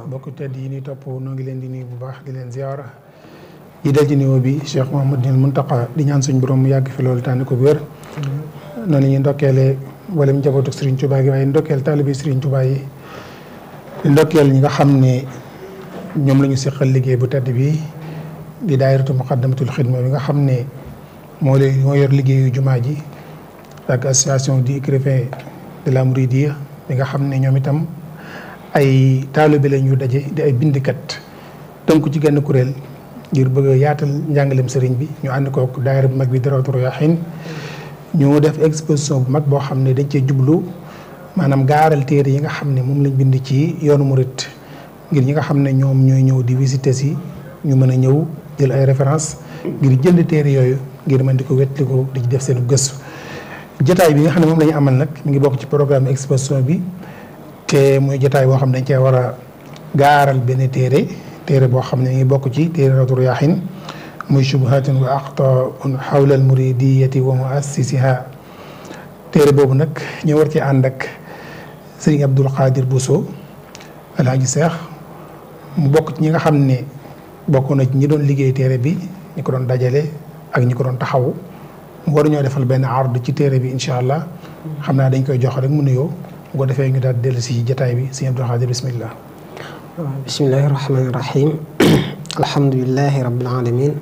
bokk tedd yi ñuy topp noo ngi leen di nuyu bu baax di leen ziyaara yi dal ci niveau bi Cheikh Mouhamadul Mountakha di ñaan suñ borom mu yàgg fi loolu tànni ko bu wér. noonu la ñuy ndokkeele wala mu njabootu Serigne Touba gi waaye ndokkeel taalibe Serigne Touba yi ndokkeel ñi nga xam ne ñoom la ñu liggéey bu tedd bi di daayiratu muqaddamatul xidma bi nga xam ne moo leen moo yor liggéeyu ji ak association la Mouridiyya nga xam ne ñoom itam. ay taalibe la ñu daje di ay bindikat tënku ci genn kuréel ngir bëgg yaatal njàngaleem sëriñ bi ñu ànd kook daayira bu mag bi Darawaatu Rayaahiin ñu def exposition bu mag boo xam ne dañ cee jublu maanaam gaaral téere yi nga xam ne moom lañ bind ci yoonu murit ngir ñi nga xam ne ñoom ñooy ñëw di visiter si ñu mën a ñëw jël ay référence ngir jënd téere yooyu ngir mën di ko wetliko di ci def seen gëstu jotaay bi nga xam ne moom lañu ñu amal nag mi ngi bokk ci programme exposition bi te muy jotaay boo xam ne dañ cee war a gaaral benn téere téere boo xam ne ngi bokk ci téere Rawdu Rayaahiin muy shubhatun wa axtaun xawla al muridiyati wa muassisiha téere boobu nag ñu war ci ànd ak sëriñ Abdul Qadir Bousso alhaji Seex mu bokk ci ñi nga xam ne bokk na ci ñi doon liggéey téere bi ñu ko doon dajale ak ñi ko doon taxawu mu waruñoo defal benn ard ci téere bi incha allah xam naa dañ koy jox rek mu nuyoo bu ko defee ñu daal dellu si jataay bi sëñ Abdou Khadre bismillah bismillahi rahmani rahim alhamdulilahi rabbil alamin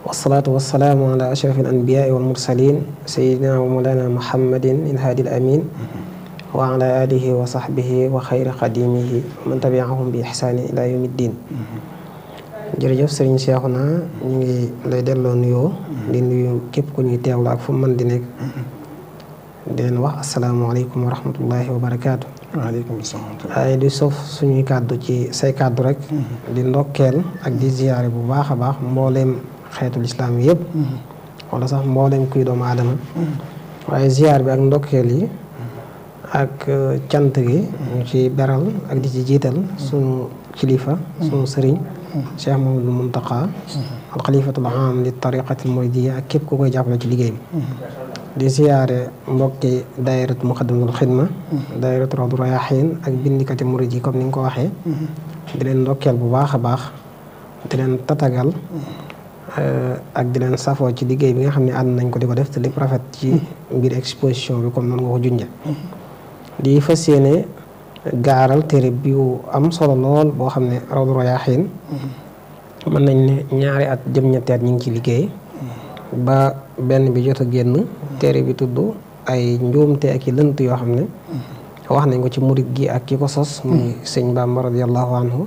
wasalaatu wasalaamu ala ashrafil anbiyaai wal mursalin sayidina wa mawlana muhammadin ilhaadi al amin mm-hmm. wa ala alihi wa sahbihi wa xayri xadimihi wa man tabiahum bi ihsaani ila yawmi ddin mm-hmm. jërëjëf sëriñ Seexuna ñu ngi lay delloo nuyoo mm-hmm. di nuyu képp ku ñuy teewlu ak fu mën di nekk di wax asalaamaaleykum wa rahmatullahi wa barakaatu. waaleykum salaam. waaye di sof suñuy kàddu ci say kàddu rek. Mm-hmm. di ndokkeel ak di ziyaare bu baax a baax mbooleem xeetul islaam yëpp. Mm-hmm. wala sax mbooleem kuy doomu aadama. Mm-hmm. waaye ziyaar bi ak ndokkeel yi. ak uh, cant gi. ñu ci beral ak di ci jiital. sunu kilifa. suñu sëriñ. Cheikh Mamadou Muntaqa. al xalifatul aam li tariqatil muriidiyya ak képp ku koy jàppale ci liggéey bi. di siyaare mbokki daayirat muxaddamatul xidma daayirat rawdu rayaaxiin ak bindikati murid yi comme ni nga ko waxee di leen ndokkeel bu baax a baax di leen tatagal eh, ak di leen safoo ci liggéey bi nga xam ne ànd nañ ko di ko def te lépp rafet ci biir exposition bi comme noonu nga ko junje di fas yéene gaaral téere bi wu am solo lool boo xam ne rawdu rayaaxiin mën nañ ne ñaari at jëm ñetti ñu ngi ci liggéey ba benn bi jot a génn tere bi tudd ay njuumte ak i lënt yoo xam ne wax nañ ko ci murit gi ak ki ko sos muy sëñ Bamba radiallahu anhu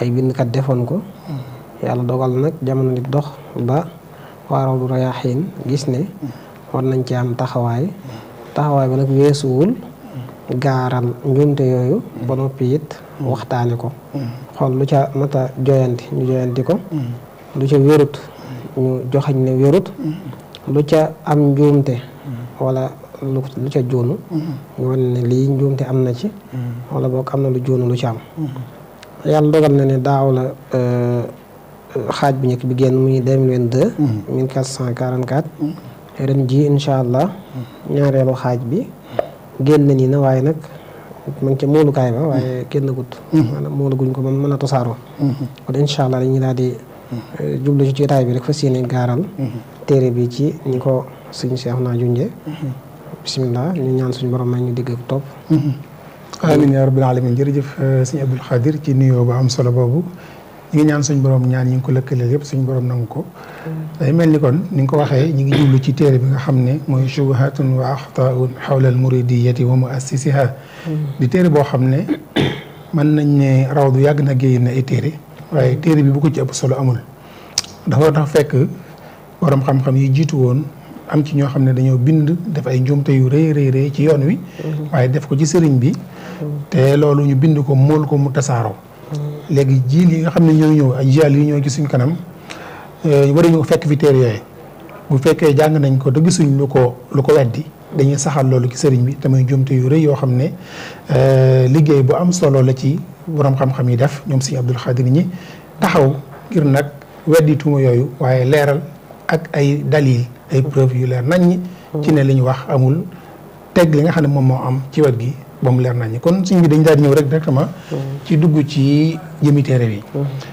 ay bindkat defoon ko yàlla dogal nag jamono di dox ba waarawdu rayaaxiin gis ne war nañ ci am taxawaay taxawaay ba nag weesuwul gaaral njuumte yooyu ba noppi it waxtaane ko xool lu ca mata joyanti ñu joyanti ko mm. lu ca wérut ñu joxañ ne wérut lu ca am njuumte wala lu ca jóonu mm-hmm. ñu ne lii njuumte am na ci mm-hmm. wala boog am na lu joonu lu ca am mm-hmm. yàlla dogal na ne daaw la euh, xaaj bi njëkk bi génn muy deux mille vingt-deux mille quatre cent quarante-quatre ren ji incha allah ñaareelu xaaj bi génn nii na waaye nag ma ngi ca moolukaay ba waaye génn gut maanaam moolu guñ ko ba mën a tosaaroo kon incha allah dañuy daal di jublu ci jotaay bi rek fas yéene gaaral téere bi ci ñi ko suñu seex naa junje bisimilah ñu ñaan suñu borom may ñu digg ak topp amiin yaa rabbil alamin jërëjëf euh, sëñ Abdul Xaadir ci nuyoo ba am solo boobu ñi ngi ñaan suñ borom ñaan ñu ngi ko lëkkaleel yëpp suñu borom nangu ko day mel ni kon ni nga ko waxee ñu ngi jublu ci téere bi nga xam ne mooy shubuhatun wa axtaun xawla al muridiyati wa muassisiha hmm. di téere boo xam ne mën nañ ne raw du yàgg na génn ay téere waaye téere bi bu ko ci ëpp solo amul dafa tax fekk borom xam-xam yi jiitu woon am ci ñoo xam ne dañoo bind def ay njuumte yu rëy rëy rëy ci yoon wi. Mm-hmm. waaye def ko ci sëriñ bi. Mm-hmm. te loolu ñu bind ko mool ko mu tasaaroo. Mm-hmm. léegi jiil yi nga xam ne ñoo ñëw ak jial yi ñoo ci suñ kanam eh, war ñu fekk fi téere yooyu bu fekkee jàng nañ ko te gisuñ lu ko lu ko weddi. dañuy saxal loolu ci sëriñ bi tamay jumte yu rëy yoo xam ne euh, liggéey bu am solo la ci borom xam-xam yi def ñoom sëriñ Abdul Xaadir ñi taxaw ngir nag weddi tuuma yooyu waaye leeral ak ay dalil ay preuve yu leer naññ ci ne li ñu wax amul teg li nga xam ne moom moo am ci wet gi ba mu leer nañu kon suñ bi dañ daal di ñëw rek directement. ci dugg ci jëmi téere bi.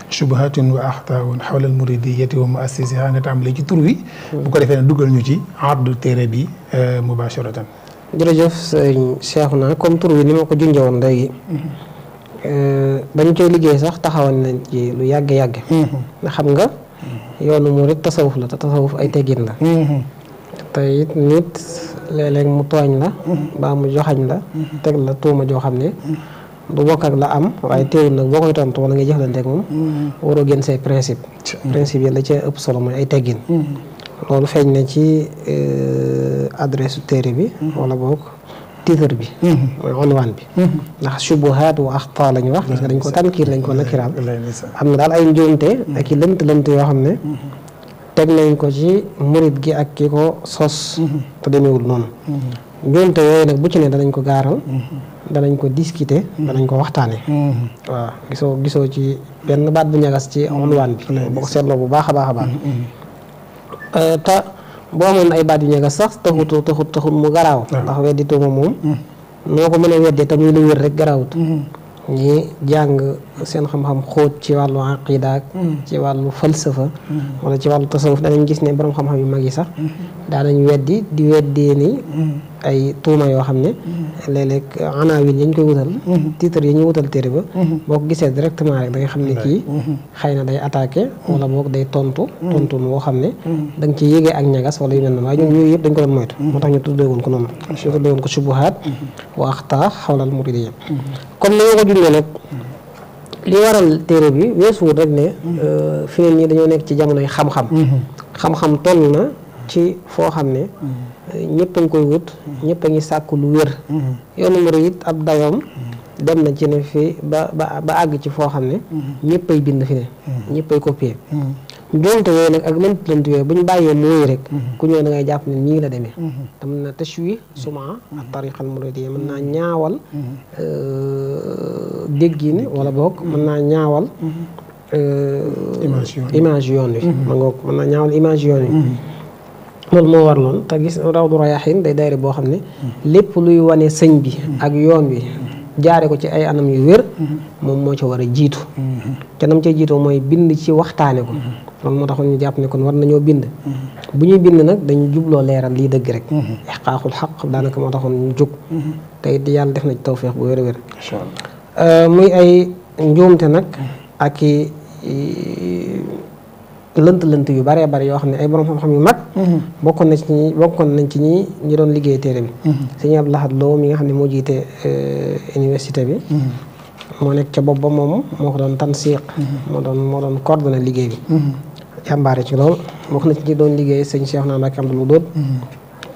subahatun wa axtaawun xawla almuridiyati wa muassisiha nga tàmbalee ci tur wi. bu ko defee ne duggal ñu ci ardu téere bi euh, mubasharatan. jërëjëf sëñ Cheikhouna comme tur wi ni ma ko junjoon léegi. Euh, bañ koy liggéey sax taxawal nañ ci lu yàgg yàgg. ndax mm-hmm. xam nga. yoonu murid tasawuf la te tasawuf ay teggin la. Mm-hmm. te nit. léeg-léeg mu tooñ la mm-hmm. baa mu joxañ la mm-hmm. teg la tuuma joo xam ne mm-hmm. du bokk ak la am waaye teewul nag boo koy tontu wala nga jëflanteeg moom waroo génn say principe principe yi la ci ëpp solo mooy ay teggin loolu feeñ na ci euh, su téere bi wala boog titre bi mooy onwaan bi ndax subuhaat wa axta lañu wax gis nga dañ ko tànkiir lañ ko nakiraal am na daal ay njuumte ak i lënt lënt yoo xam ne teg nañ ko ci murit gi ak ki ko sos mhm. te demeewul noonu mhm. njuumte yooyu nag bu ci ne danañ ko gaaral mhm. danañ ko discuter danañ ko waxtaane waaw gisoo gisoo ci benn baat bu ñagas ci unwaan bi boo ko seetloo bu baax a baax a baax euh, te boo amoon ay baat yu ñagas sax taxut taxut taxut mu garaaw ndax weddi tuuma moom noo ko mën a weddee te muy lu wér rek garaawut ñi jàng seen xam-xam xóot ci wàllu aqida ak hmm. ci wàllu falsafa hmm. wala ci wàllu tasawuf danañ gis ne borom xam-xam yu mag yi sax hmm. daanañ weddi di weddee ni ay tuuma yoo xam ne léeg-léeg anaawil yañ koy wutal titre yi ñu wutal téere ba boo ko gisee directement rek da nga xam ne kii xëy na day attaqué wala boog day tontu tontu boo xam ne da nga ci yéegee ak ñagas wala yu mel na waaye ñoom yooyu yëpp dañ ko doon moytu moo tax ñu tuddeewoon ko noonu ñu comme ni nga ko junjee nag li waral téere bi weesuwul rek ne mhm. euh, fi ne nii dañoo nekk ci jamonoy xam-xam mhm. xam-xam toll na ci foo xam ne mhm. euh, ñëpp a ngi koy wut ñëpp a ngi sàkk lu wér yoonu murid it ab dayoom dem na ci ne fii ba ba àgg ci foo xam ne ñëpp ay bind fi ne ñëpp ay ngénte yooyu nag ak mënti lant yooyu bu ñu bàyyee mooy rek mhm. ku ñëw da ngay jàpp ne ñii la demee mhm. te mën na tashwi suma ak mhm. tariqal muridiyya mën naa ñaawal euh, déggin wala boog euh, mën naa ñaawal image yoon wi ma ngoog mën naa ñaawal image yoon wi loolu moo warloon te gis rawdu rayaaxiin day dayre boo xam ne lépp luy wane sëñ bi ak yoon wi jaare ko ci ay anam yu wér mm-hmm. moom moo ci war a jiitu te mm-hmm. nam jiitoo mooy bind ci waxtaane ko mm-hmm. loolu moo tax ñu jàpp ne kon war nañoo bind bu ñuy bind nag dañu jubloo leeral lii dëgg rek xaaxul xaq daanaka moo taxoon ñu jóg te it yàlla def na ci tawféex bu wér a wér euh, muy ay njuumte nag ak i lënt-lënt yu baree bari yoo xam ne ay borom xam-xam yu mag. Mhm. bokkoon na ci ñi bokkoon nañ ci ñi ñi doon liggéey téere bi. Mhm. sëñ Abdou Lahad Lo mi nga xam ne moo jiite eh, université bi. Mhm. moo nekk ca bopp ba moom moo ko doon tansiq. moo doon moo doon coordonné liggéey bi. jàmbaare ci lool bokk na ci ñi doon liggéey sëñ Cheikh Naan ak Abdoul Wadoud.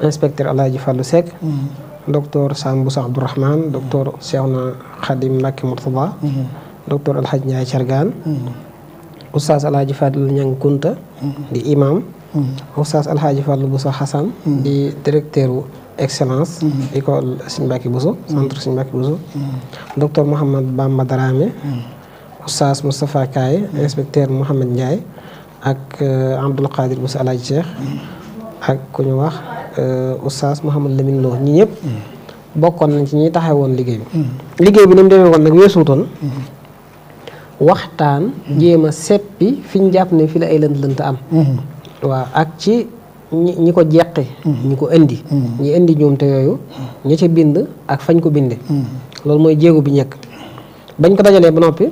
inspecteur El Hadj Fallou Seck. docteur Sam Boussa Abdourahmane docteur Cheikh Naan Khadim Mbacké Mourtada. docteur El Hadj oustaz alhaji Fadil Ñang Kunta di imam oustaz alhaji Fadil Bousso Hassan di directeur wu excellence école Serigne Mbacké Bousso centre Serigne Mbacké Bousso docteur Mouhamad Bamba Dramé oustaz Moustapha inspecteur Mouhamad Ndiaye ak euh, Abdoul Qadir Bousso alhaji Cheikh ak ku ñu wax euh, oustaz Mouhamad Lamine Lo ñi ñëpp bokkoon nañ ci ñi taxawoon liggéey bi mm. liggéey bi ni mu demee woon nag weesuutoon waxtaan jéem a seppi fi ñu jàpp ne fi la ay lënt-lënt am mhm. waaw ak ci ñi ñi ko jeqi mhm. ñu ko indi mhm. ñi indi ñoom te yooyu ña ca bind ak fañ ko binde loolu mooy jéego bi ñekk bañ ko dajalee ba noppi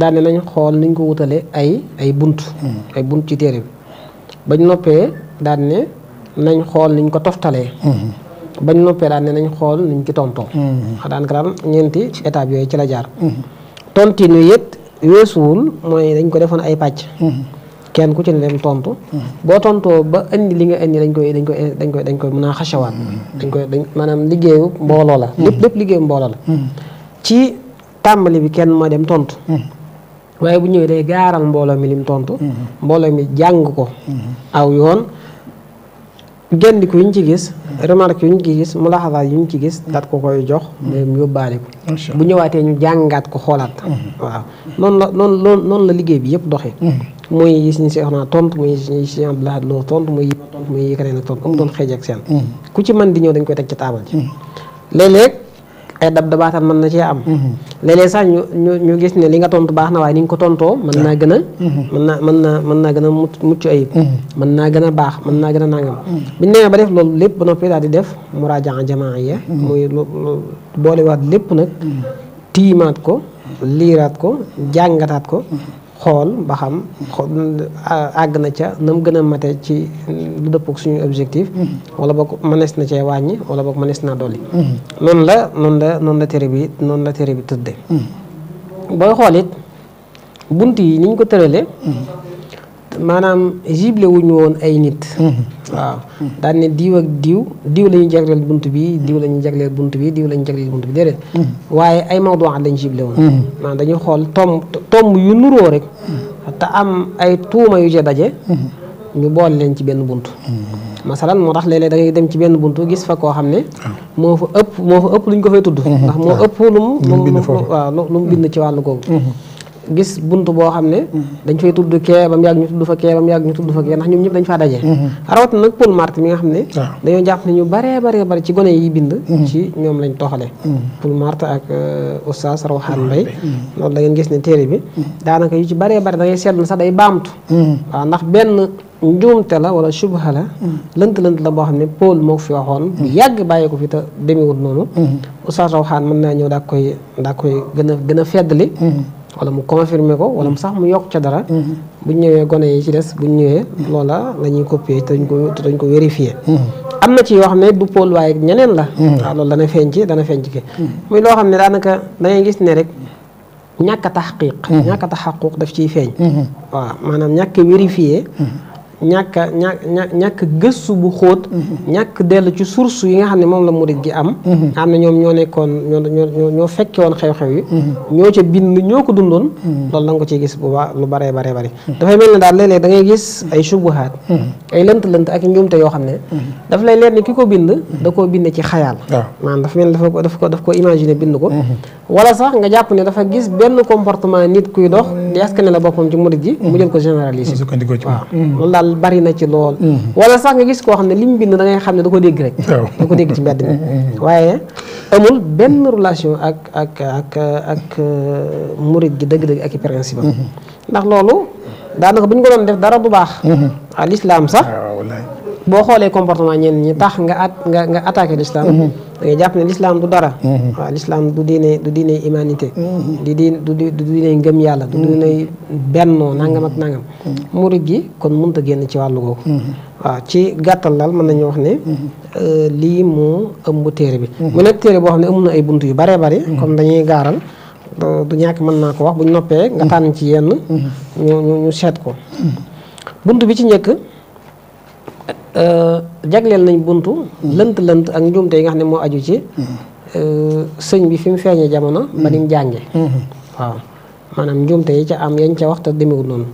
daane nañ xool niñ ko wutalee ay ay bunt bunt ci téere bañ noppee daan ne nañ xool niñ ko toftalee bañ noppee daan ne nañ xool niñ ci tontoo daanaka daal ñeenti étape yooyu ci la jaar tontin yu weesuwul mooy dañ ko defoon ay pàcc mhm. kenn ku ci ne dem tontu mhm. boo tontoo ba indi li nga indi dañ koy dañ koy dañ koy dañ koy mën a xasawaat mhm. dañ koy dañ maanaam liggéeyu mbooloo la lépp lépp liggéeyu mbooloo la ci tàmbali bi kenn moo dem tontu waaye bu ñëwee day gaaral mbooloo mi lim tontu mbooloo mi jàng ko aw yoon gendiku ñu ci gis remarque yuñ ci gis mulaxasaat yuñ ci gis daat ko koy jox mu mm-hmm. yóbbaale ko bu ñëwaatee ñu jàngaat ko xoolaat mm-hmm. waaw noonu la noonu loolu noonu la liggéey bi yëpp doxee mm-hmm. muy yi ñu si xanaa tontu muy yi si abdoulaye loo tontu muy tontu muy yi keneen ak tontu am doon xeej seen ku ci man di ñëw dañ koy teg ci taabal ji léeg ay dab dabaataan mën na cee am. Mm-hmm. léeg sax ñu ñu gis ne li nga tontu baax na waaye ni nga ko tontoo. mën naa gën a. Mm-hmm. mën naa mën naa mën naa gën a mucc ayib. Mm-hmm. mën naa gën a baax mën naa gën a nangam. bi ñu ba def loolu lépp ba noppi daal di def muraajaa jamaa ya muy lu lu boolewaat lépp nag. tiimaat ko liiraat ko jàngataat ko. xool ba xam euh, àgg na ca na mu gën a mate ci lu dëppook suñu objectif mm-hmm. wala boog mënees na cee wàññi wala boog mënees naa dolli mm-hmm. noonu la noonu la noonu la téere bi noonu la téere bi tëdde mm-hmm. booy xool it bunt yi ni ko tëralee maanaam gible wuñu woon ay nit mhm. waaw mhm. daan ne diw ak diw diw la ñu jagleel bunt bi diw la ñu jagleel bunt bi diw la ñu jagleel bi déedéet mhm. waaye ay mawduwaat lañ gible woon maanaam dañu xool tomb tomb yu nuroo rek te am ay tuuma yu ca daje ñu boole leen ci benn bunt masalan moo tax léeg-léeg dem ci benn bunt gis fa koo xam ne ah. moo fa ëpp moo fa ëpp lu ñu ko fay tudd ndax moo ah. ëpp lu mu lu mu bind ci wàll googu gis bunt boo xam ne mhm. dañ fay tudd kee bam yàgg ñu tudd fa kee yàgg ñu tudd fa kee ndax ñoom ñëpp dañ faa daje mhm. rawat nag Paul Marty mi xam ne dañoo jàpp ne ñu baree baree bari ci gone yi bind mhm. ci ñoom lañ toxale Paul Marty ak euh, Oustaz Rawhan Mbaye loolu da gis ne téere bi daanaka yu ci baree bari da ngay seetlu sax day baamtu waaw ndax benn njuumte la wala subha la lënt lënt la boo xam ne Paul moo fi waxoon yàgg bàyyi ko fi te demewut noonu Oustaz Rawhan mën naa ñëw daa koy daa koy gën a gën a feddali wala mu confirmer ko wala mu sax mu yokk ca dara mm-hmm. bu ñëwee gone yi ci des buñ ñëwee mm-hmm. loola la ñuy copier te dañ ko te dañ ko vérifier mm-hmm. am na ci yoo xam ne du pôle waaye ñeneen la waaw loolu dana feeñ ci dana feeñ ci ki muy loo xam ne daanaka dangay gis ne rek ñàkk a taxqiq ñàkk a daf ciy feeñ waaw maanaam ñàkk vérifier ñàkk a ñàkk ñàkk gëstu bu xóot. Mm-hmm. ñàkk dellu ci source yi nga xam ne moom la murit gi am. Mm-hmm. nga xam ne ñoom ñoo nekkoon ñoo ñoo fekke woon xew-xew yi. Mm-hmm. ñoo ca bind ñoo ko dundoon. loolu la ko ciy gis bu baax lu baree baree bari. dafay mel ne daal léeg da ngay gis ay subuhaat. ay lënt-lënt ak njuumte yoo xam ne. daf lay leer ni ki ko bind. da koo bind ci xayaal. waaw maanaam dafa mel ko dafa ko dafa bind ko. wala sax nga jàpp ne dafa gis benn comportement nit kuy dox di askan la boppam ci murit gi. mu jël ko généraliser. alal bari na ci lool. Mm-hmm. wala sax nga gis koo xam ne li mu bind dangay xam ne da ko dégg rek. da ko dégg ci mbedd mi. Mm-hmm. waaye amul benn relation ak ak ak ak uh, murit gi dëgg-dëgg ak i principe mm-hmm. ndax loolu daanaka bu ñu ko doon def dara bu baax. al sax. boo xoolee comportement ñenn ñi tax nga at nga nga attaqué l'islam mhm. da ngay jàpp ne l'islam du dara mhm. waaw l'islam du diine du diine mhm. di diin du du diine ngëm yàlla du diine bennoo nangam ak nangam murid gi kon mënut a génn ci wàllu googu waaw ci gàttal daal mën nañu wax ne euh, lii moo ëmb téere bi mu nekk téere boo xam ne ëmb na ay bunt yu bare bare comme dañuy gaaral du ñàkk mën naa ko wax bu ñu noppee nga tànn ci yenn ñu ñu seet ko bunt bi ci njëkk Euh, jagleel nañ buntu. lënt lënt ak njuumte yi nga xam ne moo aju ci. Mm-hmm. Euh, sëñ bi fi mu feeñee jamono. Mm-hmm. ba ni mu mm-hmm. waaw maanaam njuumte yi ca am yañ ca waxta demewul noonu.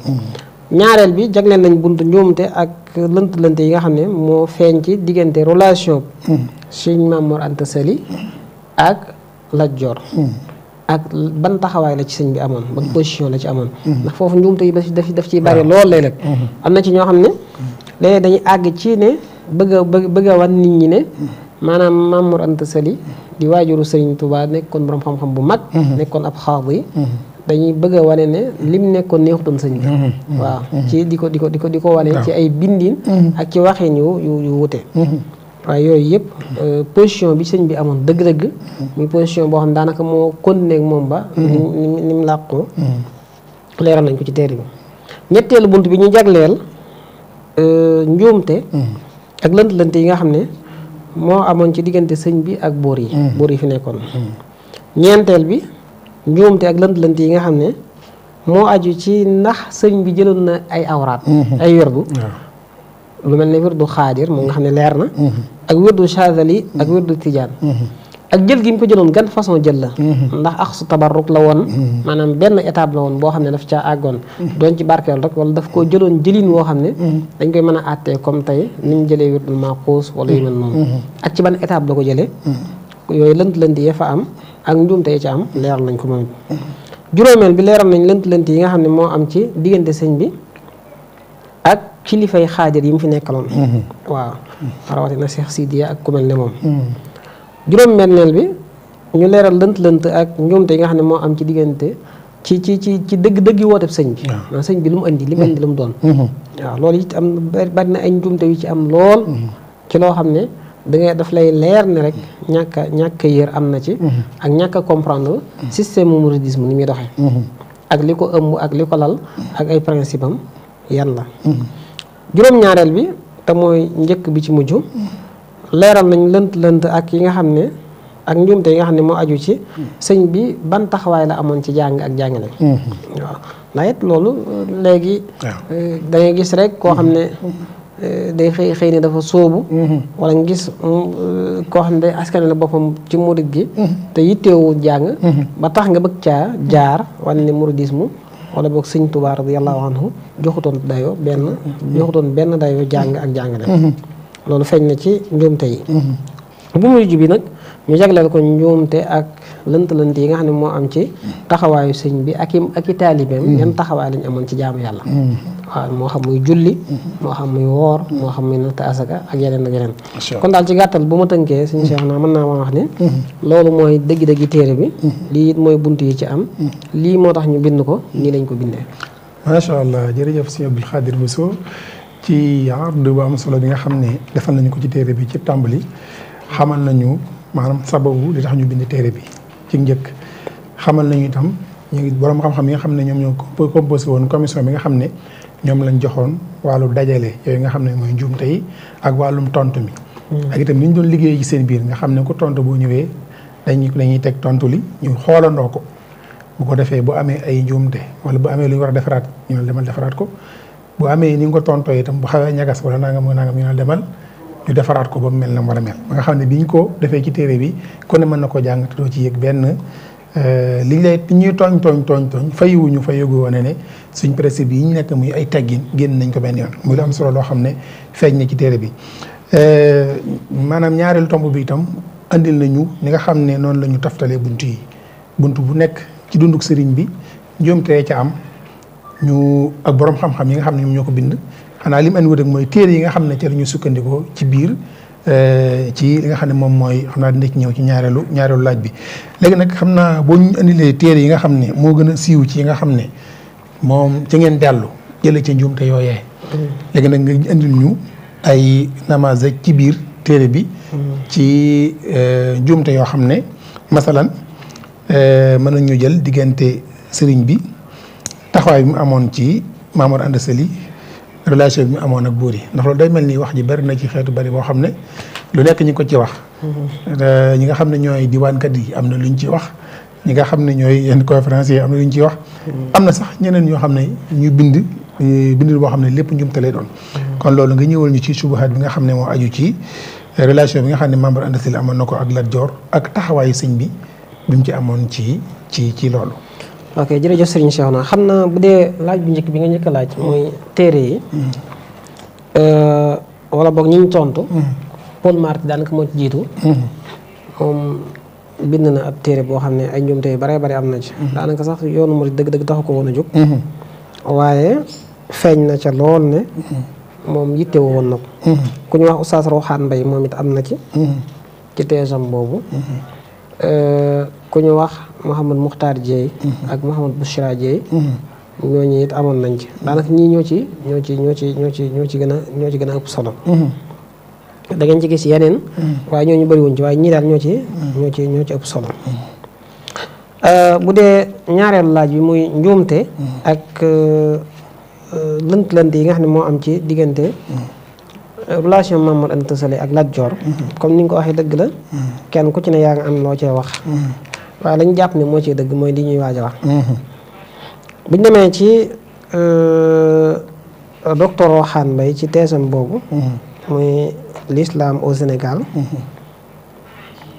ñaareel bi jagleel nañ bunt njuumte ak lënt lënt yi nga xam ne moo feeñ ci diggante relation. sëñ Maam Mor Anta ak Lat Joor. ak ban taxawaay la ci sëñ bi amoon ban position la ci amoon. ndax foofu njuumte yi daf daf ciy bari lool léeg-léeg. am na ci ñoo xam ne. léeg-léeg dañuy àgg ci ne bëgg a bëgg a wan nit ñi ne maanaam Maam Mor Anta di waajuru sëñ tubaab nekkoon borom xam-xam bu mag. Mhm. nekkoon ab xaar yi mhm. dañuy bëgg a wane ne lim nekkoon neexutoon sëñ bi. Mhm. waaw ci di ko di ko di ko di ko wane. ci ay bindin. ak ci waxin yu yu yu wute. waaye yooyu yëpp euh, position bi sëñ bi amoon dëgg-dëgg. muy position boo xam ne daanaka moo kon ak moom ba. ni mu ni mu nañ ko ci teer bi ñetteelu bunt bi ñu jagleel. Euh, njuumte mm. ak lënt-lënt yi nga xam ne moo amoon ci diggante sëñ bi ak boor yi mm. boor yi fi nekkoon mm. ñeenteel bi njuumte ak lënt-lënt yi nga xam ne moo aju ci ndax sëñ bi jëloon na ay awraat mm-hmm. ay werdu lu mel ne werdu xaadir moom nga xam ne leer na mm-hmm. ak werdu chazali ak mm-hmm. werdu tijaan ak jël gi mu ko jëloon gan façon jël la mm-hmm. ndax ak su tabarruk la woon mm-hmm. maanaam benn étape la woon boo xam ne daf caa àggoon mm-hmm. doon ci barkeel rek wala daf koo jëloon jëlin woo xam ne dañ koy mën a àttee comme tey ni mu jëlee wirdul maaxuus wala yu mel noonu ak ci ban étape la ko jëlee yooyu lënt lënt yi fa am ak njuumte yi ci am leeral nañ ko moom juróomeel bi leeral nañ lënt lënt yi nga xam ne moo am ci diggante sëñ bi ak kilifay xaajar yi mu fi nekkaloon waaw rawatina Cheikh Sidiya ak ku mel juróom-benneel bi ñu leeral lënt-lënt ak njuumte yi nga xam ne moo am ci diggante ci ci ci ci dëgg dëgg yi wooteeb sëñ bi. sëñ bi lu mu indi li mu indi lu mu doon. Mm-hmm. waaw loolu it am bari na ay njuumte yu ci am lool. Mm-hmm. ci loo xam ne da ngay daf lay leer ne rek ñàkk mm-hmm. ñàkk a am na ci. ak ñàkk a système mu mouridisme ni muy doxee. ak li ko ëmb ak li ko lal ak ay principe am yan la. juróom-ñaareel bi te mooy njëkk bi ci mujj. leeral nañ lënt lënt ak yi nga xam ne ak njuumte yi nga xam ne moo aju ci sëñ bi ban taxawaay la amoon ci jàng ak jàngale mm-hmm. loolu léegi euh, da gis rek koo xam ne mm-hmm. euh, day xëy xëy ni dafa sóobu mm-hmm. wala gis euh, koo xam ne day askane la boppam ci murid gi te yittewul jàng tax nga bëgg caa jaar wala ne mu wala boog sëñ tubaar radiyallaahu anhu joxutoon dayo benn joxutoon benn dayo jàng ak jàngale loolu feeñ na ci njuumte yi mm-hmm. bu mujj bi nag ñu jagleel ko njuumte ak lënt-lënt yi nga xam ne moo am ci mm-hmm. taxawaayu sëñ bi ak i ak i taalibeem mm-hmm. yan taxawaay lañ amoon ci jaamu yàlla waaw moo xam muy julli moo xam muy woor moo xam muy natt asaka ak yeneen ak yeneen kon daal ci gàttal bu ma tënkee suñ Cheikh naa mën naa ma wax ne loolu mooy dëgg-dëggi téere bi lii it mooy bunt yi ci am lii moo tax ñu bind ko nii lañ ko bindee macha allah jërëjëf sëñ Abdou Khadir Bousso ci ardu bu am solo bi nga xam ne defal nañu ko ci téere bi ci tàmbali xamal nañu maanaam sababu li tax ñu bind téere bi ci njëkk xamal nañu itam ñu ngi borom xam-xam nga xam ne ñoom ñoo composé woon commission bi nga xam ne ñoom lañ joxoon wàllu dajale yooyu nga xam ne mooy njuumte yi ak wàllum tontu mi. Hmm. ak itam ni ñu doon liggéey ci seen biir nga xam ne ku tontu boo ñëwee dañuy dañuy teg tontu li ñu xoolandoo ko bu ko defee bu amee ay njuumte wala bu amee lu war a defaraat ñu demal defaraat ko bu amee ni nga ko tontoo itam bu xawee ñagas wala nangam wala nangam ñu ne demal ñu defaraat ko ba mu mel na mu war a mel ba nga xam ne bi ñu ko defee ci téere bi ku mën na koo jàng ci yëg benn euh, li ñu lay ñuy tooñ tooñ tooñ tooñ fayiwuñu fayigu woon ne suñ principe yi ñu nekk muy ay teggin génn nañ ko benn muy lu am solo loo xam ne feeñ na ci téere bi euh, maanaam ñaareelu tomb bi itam andil nañu ni nga xam ne noonu la ñu taftalee bunt yi bunt bu nekk ci dunduk sëriñ bi njuumte ca am ñu ak borom xam-xam yi nga xam ne ñoom ñoo ko bind xanaa li mu andi wut ak mooy téere yi nga xam ne ca ñu sukkandikoo ci biir eh, ci li nga xam ne moom mooy xam naa ñëw ci ñaareelu ñaareelu laaj bi. léegi nag xam naa boo ñu indilee téere yi nga xam ne moo gën a siiw ci nga xam ne moom ci ngeen dellu jëlee ca njuum te yooyee. léegi nag nga indil ñu ay namaz ci biir téere bi. Mm-hmm. ci eh, njuumte yoo xam ne masalan eh, mën nañu jël diggante sëriñ bi. taxawaay bi mu amoon ci Mamour Anda Sali relation bi mu amoon ak buur yi ndax loolu day mel ni wax ji bari na ci xeetu bari boo xam ne lu nekk ñi ko ci wax. Mm-hmm. Euh, ñi nga xam ne ñooy diwaankat yi am na luñ ci wax. ñi nga xam ne ñooy yenn conférence yi am na luñ ci wax. Mm-hmm. am na sax ñeneen ñoo xam ne ñu bind bind boo xam ne lépp njumte lay doon. Mm-hmm. kon loolu nga ñëwal ñu ci subahaat bi nga xam ne moo aju ci relation bi nga xam ne Mamour Anda Sali amoon na ko ak Lat Joor ak taxawaayu sëñ bi bi ci amoon ci ci ci loolu. ok jërëjëf Serigne Cheikhouna xam naa bu dee laaj bu njëkk bi nga njëkk a laaj mooy téere yi hmm. uh, wala boog ñi ñu tontu hmm. Paul Marty daanaka moo jiitu hmm. moom bind na ab téere boo xam ne ay njuumte yu bare bare am na ci daanaka sax yoonu murid dëgg-dëgg taxu ko woon jóg waaye feeñ na ca lool ne moom yitte woon na ko ku ñu wax Oustaz Rouhane Mbaye moom it am na ci ci teesam boobu uh, ku ñu wax Mouhamad Muxtaar Dieye mhm. ak Mouhamad Bouchra Dieye mhm. ñooñu it amoon nañ ci mhm. daanaka ñii ñoo ci ñoo ci ñoo ci ñoo ci ñoo ci gën a ñoo ci gën a ëpp solo da ngeen ci gis yeneen waaye ñoo ñu wuñ ci waaye ñii daal ñoo ci ñoo ci ñoo ci ëpp solo euh, bu dee ñaareelu laaj bi muy njuumte ak euh, euh, lënt lënt yi nga xam ne moo am ci diggante relation Mamour Anta Sali ak Lat Dior ni nga ko waxee dëgg la kenn ku ci ne yaa nga am loo cee wax waa lañu jàpp ni moo ci dëgg mooy li ñuy waaj wax. Mhm. bu ñu demee ci euh, docteur Roxane Mbaye ci teesam boobu. Mhm. muy l'islam au Sénégal. Mhm.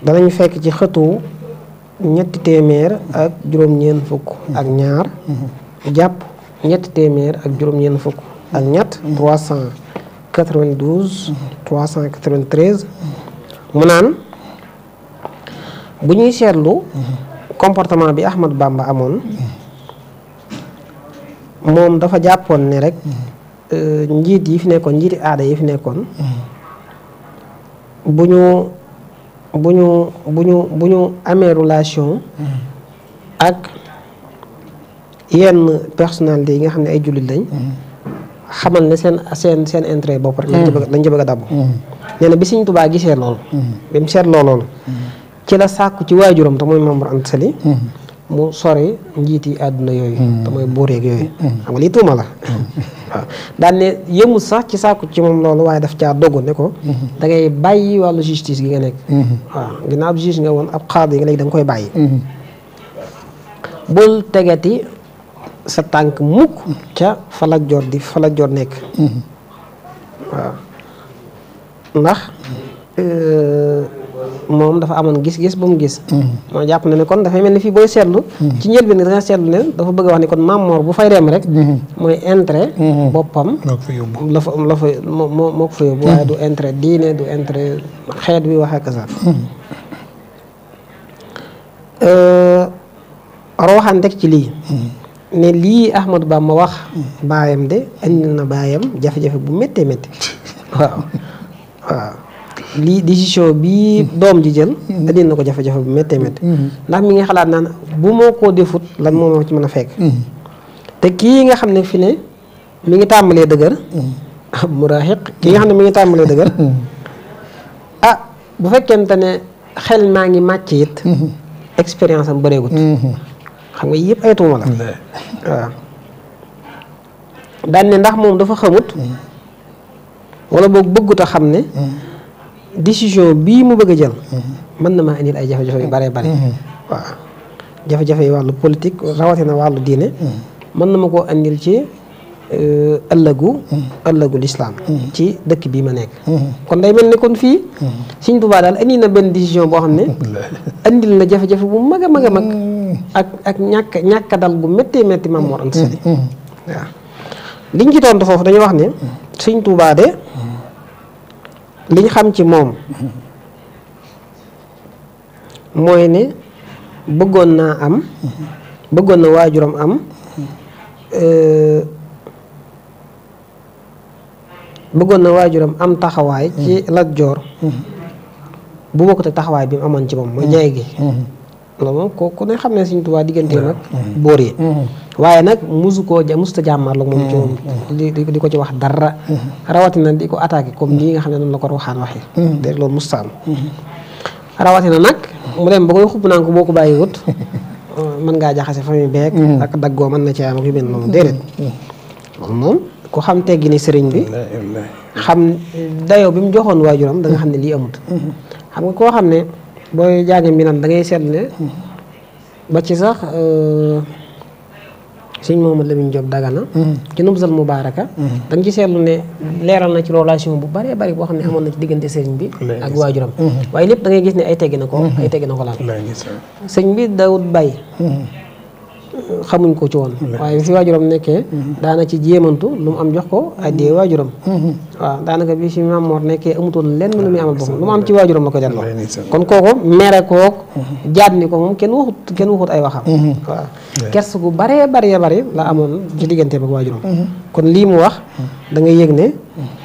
danañu fekk ci xëtu ñetti téeméer ak juróom-ñeent fukk ak ñaar. jàpp ñetti téeméer ak juróom-ñeent fukk ak ñett. mu naan. bu ñuy seetlu comportement bi Ahmad bàmba amoon moom dafa jàppoon ne rek euh, njiit yi fi nekkoon njiiti aada yi fi nekkoon bu ñu bu ñu bu ñu bu ñu amee relation ak yenn personnalité yi nga xam ne ay jullit lañ xamal ne seen seen seen intérêt bopp rek lañ ci bëgg a dabb mm. nee na bi Sëñ Tuubaa gisee loolu mm. bi mu seetloo loolu mm. ci la sàkku ci waajuram te mooy membre Anta Sali hmm. mu sori njiiti àdduna yooyu hmm. te mooy yooyu hmm. xam nga lii tuuma la waaw daal sax ci sàkku ci moom loolu waaye daf caa dogu ne ko da ngay bàyyi wàllu justice gi nga nekk waaw ginnaaw ab nga woon ab xaadi nga léegi koy bàyyi bul tegati sa tànk mukk ca fala jor di nekk waaw euh, moom dafa amoon gis-gis bu mu gis hmm. moo jàpp na ne kon dafay mel ni fii booy seetlu hmm. ci njëlbeen nga danga seetlu ne dafa bëgg a wax ni kon Maam Moor bu fay reem rek hmm. mooy intérêt boppam la fa moo moo moo ko fa yóbbu waaye du intérêt diine du intérêt xeet wi wax ak sax euh, roxaan ci lii ne lii Ahmadou ma wax baayam de indil na baayam jafe-jafe bu mettee métti waaw waaw lii décision bii mm-hmm. doom ji jël. indi mm-hmm. na ko jafe-jafe bu méttee métti. Mm-hmm. ndax mi ngi xalaat naan bu moo ko defut lan moo ma ci mën a fekk. te kii nga xam ne fi ne mi ngi tàmbalee dëgër. muraahiq kii nga xam ne mi ngi tàmbalee dëgër. ah bu fekkente ne xel maa ngi màcc it. expérience am bëreegut. xam nga yëpp ay tuuma la. waaw daan ne ndax moom dafa xamut. wala boog bëggut a xam ne. décision bii mu bëgg a jël. Mm-hmm. mën na maa indil ay jafe-jafe yu bare bare. Mm-hmm. waaw jafe-jafe yi wàllu politique rawatina wàllu diine. Mm-hmm. mën na ma koo indil ci euh, ëllëgu. ëllëgu lislaam ci dëkk bii ma nekk. kon day mel ni kon fii. Sëñ Tuubaa daal indi na benn décision boo xam ne. indil na jafe-jafe bu mag a mag ak ak ñàkk ñàkk dal gu méttee métti Maam Mor Anta Sali. waaw liñ ci tontu foofu dañuy wax ne. Sëñ Tuubaa de. liñ xam ci moom mooy ne bëggoon naa am bëggoon na waajuram am euh, bëggoon na waajuram am taxawaay ci Lat Joor bu bokkut taxawaay bi mu amoon ci moom mooy jaay gi mm-hmm. loolu moom ku ne xam ne Sëriñ Tuubaa diggante nag mm-hmm. bóor yi mm-hmm. waaye nag musu koo ja musuta jàmmarloog moom ci mm-hmm. di ko ci wax dara mm-hmm. rawatina di ko attaqué comme mm-hmm. nii nga xam ne noonu la ko ruuxaan waxee déeg am rawatina nag mu dem ba koy xupp naan boo ko bàyyi wut uh, mën ngaa jaxase famille beeg ak daggoo man na ci am yu mel noonu déedéet loolu moom ku xam teggi ni sëriñ bi xam dayoo bi mu joxoon waajuram da nga xam ne lii amut xam nga koo xam ne booy jànge mbiram dangay ngay seet ne ba ci sax uh, sëñ Mamadou Lamine Diop Dagana. Hmm. ci Nubzal Mubaraka. Hmm. dañ ci seetlu ne leeral na ci relation bu bare bëri boo xam ne amoon na ci diggante sëriñ bi. ak waajuram. Hmm. waaye lépp da ngay gis ne ay teggi na ko. ay teggi na ko laal. sëñ bi Daoud bay xamuñ ko ci woon mm-hmm. waaye bi fi waajuram nekkee mm-hmm. daana ci jéemantu lu mu am jox ko addee waajuram mm-hmm. waaw daanaka bi fi maam Mor nekkee amutoon lenn lu muy amal boppam lu mu am ci waajuram la ko delloo kon kooku mere kook jaat ni ko moom kenn waxut kenn waxut ay waxam waaw kers gu bare bare bare la amoon ci diggante ak waajuram kon lii mu wax da ngay yëg ne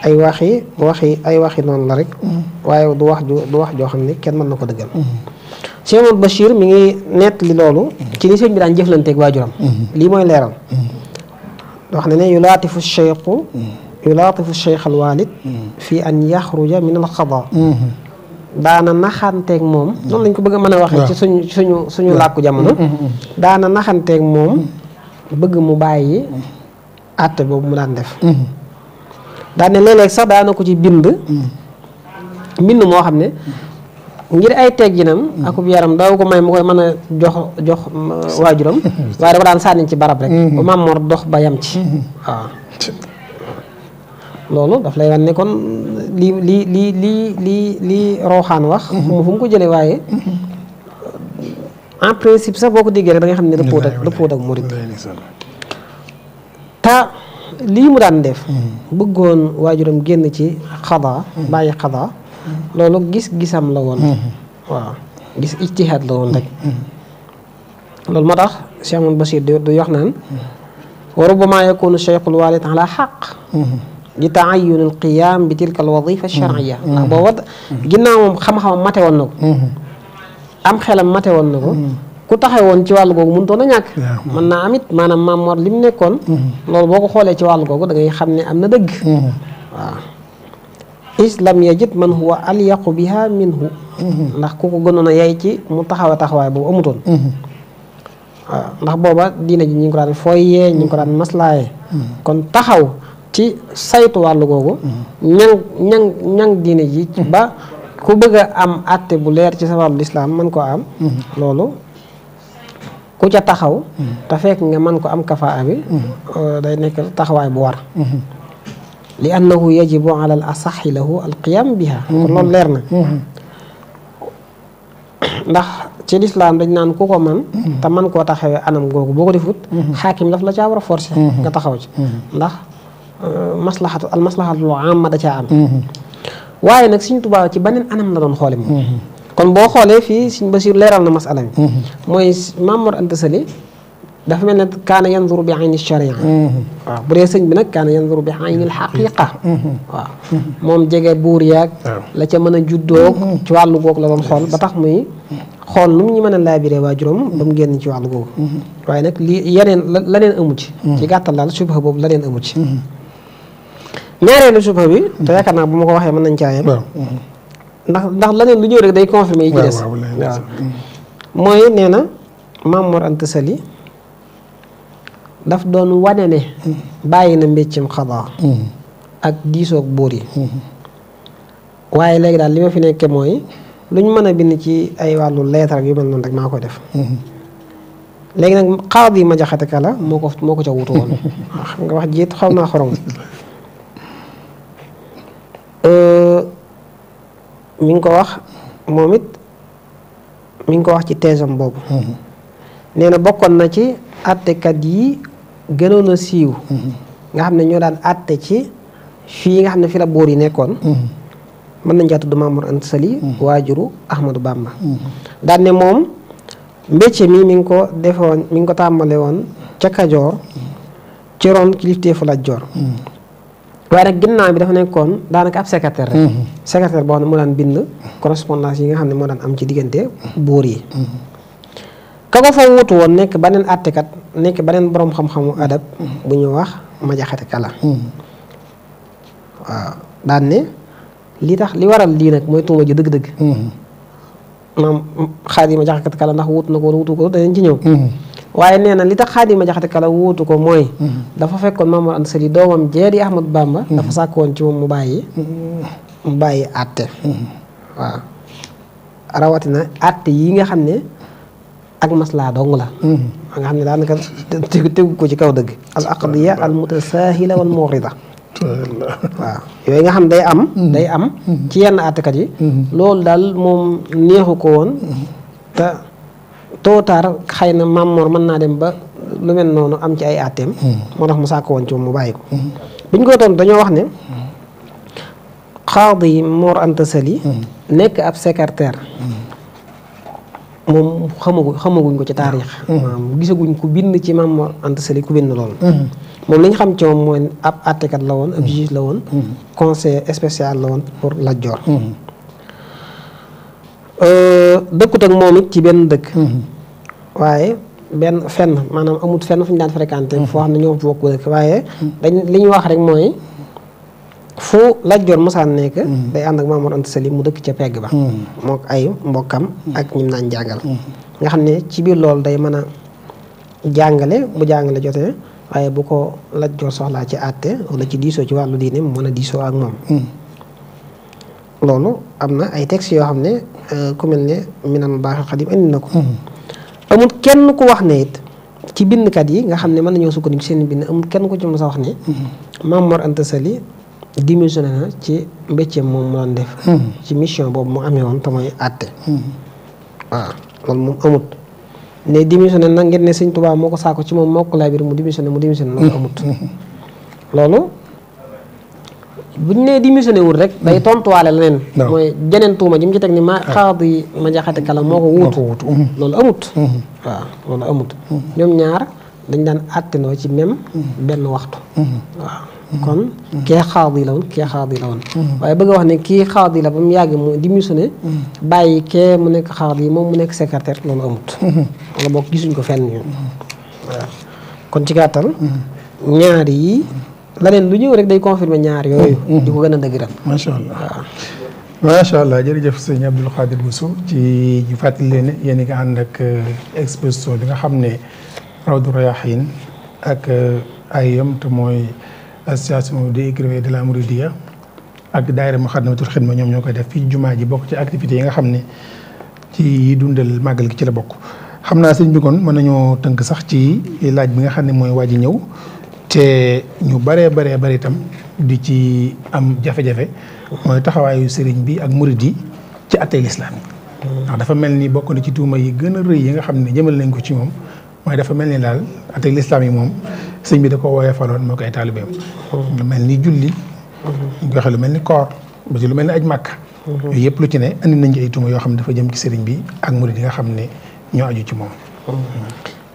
ay waxi waxi ay waxi noonu la rek waaye du wax ju du wax joo xam ne kenn mën na ko dëggal Cheikhul Bachir mi ngi nett li loolu ci ni sëñ bi daan jëflanteeg waajuram mm-hmm. lii mooy leeral mm-hmm. wax ne ne yulaatifu cheikhu mm-hmm. yulaatifu cheikh al walid fii an yaxruja min al xada daana naxanteeg moom lañ ko bëgg a mën a waxee ci suñu suñu suñu làkku jamono daana naxanteeg moom bëgg mu bàyyi àtte boobu mu daan def daane léeg-léeg sax daana ko ci bind mbind moo xam ne ngir ay tegginam hmm. akub yaram daw ko may mu koy mën a jox jox waajuram waaye da daan sànni ci barab rek hmm. bu maam Mor dox ba yam ci hmm. loolu daf lay wan ne kon li lii lii lii li li rooxaan wax mu fu mu ko jële waaye en principe sax boo ko déggee rek da xam ne dëppoot ak dëppoot ak murit te lii mu daan def bëggoon waajuram génn ci xadaa bàyyi xadaa loolu gis-gisam la woon. Hmm. waaw gis ijtihaad la woon rek. Hmm. loolu moo tax Cheikh Mouhamed Bachir di di wax naan. wa rubbama yakunu cheikhul walid ala xaq. Hmm. li taayun al qiyaam bi tilka al wadifa charia ndax na ko. am xelam mate woon na ko. ku taxe woon ci wàllu googu mënutoon a ñàkk. mën naa am maanaam maam Mor li mu nekkoon. loolu boo ko xoolee ci wàllu googu dangay xam ne am na dëgg. waaw. islam yajid man huwa alyaqu biha minhu mhm. ndax ku ko gënoon a yay ci mu taxaw a taxawaay boobu amutoon mhm. ndax booba diina ji ñu ngi ko daan fooyee ñu ngi ko daan maslaaye mhm. kon taxaw ci saytu wàllu googu ñang ñang ñang diina ji ba ku bëgg a am àtte bu leer ci sa wàllu lislaam man koo am loolu ku ca taxaw te fekk nga man ko am kafaa bi euh, day nekk taxawaay bu war li annahu yajibu ala al asaxi lahu alqiyam biha kon loolu leer na ndax ci lislaam dañ naan ku ko man te man koo taxawee anam googu boo ko defut xaakim la caa war a forcé nga taxaw ci ndax maslaxatu euh, al maslaxatul amma ma caa am waaye nag Sëriñ Tuubaa ci beneen anam la doon xoole moom kon boo xoolee fii Sëriñ Basiir leeral na masala mooy Maam Mor Anta Sali dafa mel ne kaana yanzuru bi ayni sharia mm-hmm. waaw bu dee sëñ bi nag kaana yanzuru bi ayni alxaqiqa mm-hmm. waaw mm-hmm. moom jege buur yaag la ca mën a juddoog ci wàllu goog la doon xool ba tax muy xool nu mu ñu mën a laabiree waa juróom ba mu génn ci wàllu googu waaye nag lii yeneen la leen amu ci ci gàttal daal subha boobu la leen amu ci ñaareelu subha bi te naa bu ma ko waxee mën nañ caayam ndax ndax la leen lu ñëw rek day confirmer yi ci des waaw mooy nee na Maam Mor Anta Sali daf doon wane ne hmm. bàyyi na mbéccim xadaa hmm. ak diisoog buur yi hmm. waaye léegi daal li ma fi nekkee mooy lu ñu mën a bind ci ay wàllu leetar yu mel noonu rek maa ko def léegi nag xaad ma jaxate kala moo ko moo ko ca wutu wax jiit xaw naa xorom mi ngi ko wax moom it mu ngi ko wax ci teesam boobu nee bokkoon na ci àttekat yi gënoon a siiw mhm. nga xam ne ñoo daan àtte ci fii nga xam ne fi la boor yi nekkoon mhm. mën nañ caa tudd Mamour Anta Sali mhm. waajuru Ahmadou Bamba daan ne moom mbécce mi mi ngi ko defoon mi ngi ko tàmbale woon ca Kajoor ci ron kilifteefu Lat Joor waaye nag ginnaaw bi dafa nekkoon daanaka ab secrétaire rek secrétaire boo xam ne moo daan bind correspondance yi nga xam ne moo daan am ci diggante boor yi ka ko fa wutu woon nekk beneen àttekat nekk beneen boroom xam-xamu adab bu ñu wax majaxate kala hmm. waaw daan ne li tax li waral lii nag mooy tuuma ji dëgg-dëgg hmm. maam xaadima jaxate kala ndax wutu na ko wala wutu ko danañ ci ñëw hmm. waaye nee na li tax xaadima jaxate kala wuutu ko mooy dafa fekkoon Maam Mor Anta Sali doomam jeedi Ahmad Bamba dafa sàkkoon ci moom mu bàyyi mu bàyyi àtte waaw rawatina àtte yi nga xam ne ak maslaa dong la mm-hmm. nga xam ne daanaka tegu ko ci kaw dëgg al aqdiya al mutasahila wal mawrida waaw yooyu nga xam day am mm-hmm. day am mm-hmm. ci yenn àttekat yi loolu daal moom neexu ko woon te tootaar xëy na mammoor mën naa dem ba lu mel noonu am ci ay àtteem moo tax mu sàkk woon ci moom mu bàyyi ko biñ koy doon dañoo wax ne xaadi Mor Anta Sali nekk ab secrétaire moom xamagu xamaguñ ko ci taarix. Mm-hmm. maanaam gisaguñ ku bind ci Maam Mor Anta Sali ku bind loolu. Mm-hmm. moom liñ xam ci moom mooy ab àttekat la woon ab mm-hmm. juge la woon. conseil spécial la woon pour la Joor. Euh, dëkkut ak moom it ci benn dëkk. waaye benn fenn maanaam amut fenn fu ñu daan fréquenté. foo xam ne ñoo bokk dëkk waaye dañ li ñu wax rek mooy. fu Lat Joor mosaan nekk mm-hmm. day ànd ak Maamor Anta Sali mu dëkk ca pegg ba mm-hmm. moo ay mbokkam mm-hmm. ak ñim naan jàngal nga xam ne ci biir lool day mën a jàngale bu jàngale jotee waaye bu ko Lat soxlaa ci àtte wala ci diisoo ci wàllu diine mu mën a diisoo ak moom loolu am na ay textes yoo xam ne euh, ku mel ne Minanul Baaxil Xadiim indi na ko amul kenn ku wax ne it ci bindkat yi nga xam ne mën nañoo sukkandiku seen bind amul kenn ku ci mës a wax ne Maam Mor démissionné na ci mbécceem moom mu doon def. Hmm. ci mission boobu mu amee woon te mooy àtte. Hmm. waaw loolu moom amut. ne démissionné nag ngeen ne sëñ Tuubaa moo ko saako ci moom moo ko laaj biir mu démissionné mu démissionné loolu amut. Hmm. loolu buñ nee démissionné wul rek. day tontuwaale leneen. mooy jeneen tuuma ji ci teg ni ma ah. xaadu yi ma jaxate kala moo ko wuutu. wuutu loolu amut. waaw loolu amut. ñoom ñaar dañ daan àttinoo ci même benn waxtu. waaw. kon kee xaadi la woon kee xaadi la woon waaye bëgg a wax ne kii xaadi la ba mu yàgg mu démissionné bàyyi kee mu nekk xaadi yi moom mu nekk secrétaire loolu amut wala boog gisuñ ko fen kon ci gàttal ñaar yi leneen lu ñëw rek day confirmer ñaar yooyu di ko gën a dëgëral macha allah waaw macha allah jërëjëf sëñ Abdoul Khadir Bousso ci ñu fàttali leen yéen a ngi ànd ak euh, exposition bi nga xam ne Rawdu Rayaahiin ak euh, ay yëm te mooy association des écrivains de la Mouridiyya ak daayira Moukhaddamatoul ma ñoom ñoo koy def fii jumaa ji bokk ci activités yi nga xam ne ci yi dundal màggal gi ci la bokk. xam naa sëñ bi kon mën nañoo tënk sax ci laaj bi nga xam ne mooy waa ji ñëw te ñu baree baree bari itam di ci am jafe-jafe mooy taxawaayu sëriñ bi ak murid ci attey lislaam yi ndax dafa mel ni bokk na ci tuuma yi gën a rëy yi nga xam ne jëmal nañ ko ci moom mooy dafa mel ni laal attey lislaam yi moom sëñ bi da ko woowee faloon moo ko taalibeem lu mel ni julli ñu koy waxee mel ni koor ba ci lu mel ni aj màkk yooyu yëpp lu ci ne andi nañ ci yoo xam ne dafa jëm ci sëriñ bi ak murid di nga xam ne ñoo aju ci moom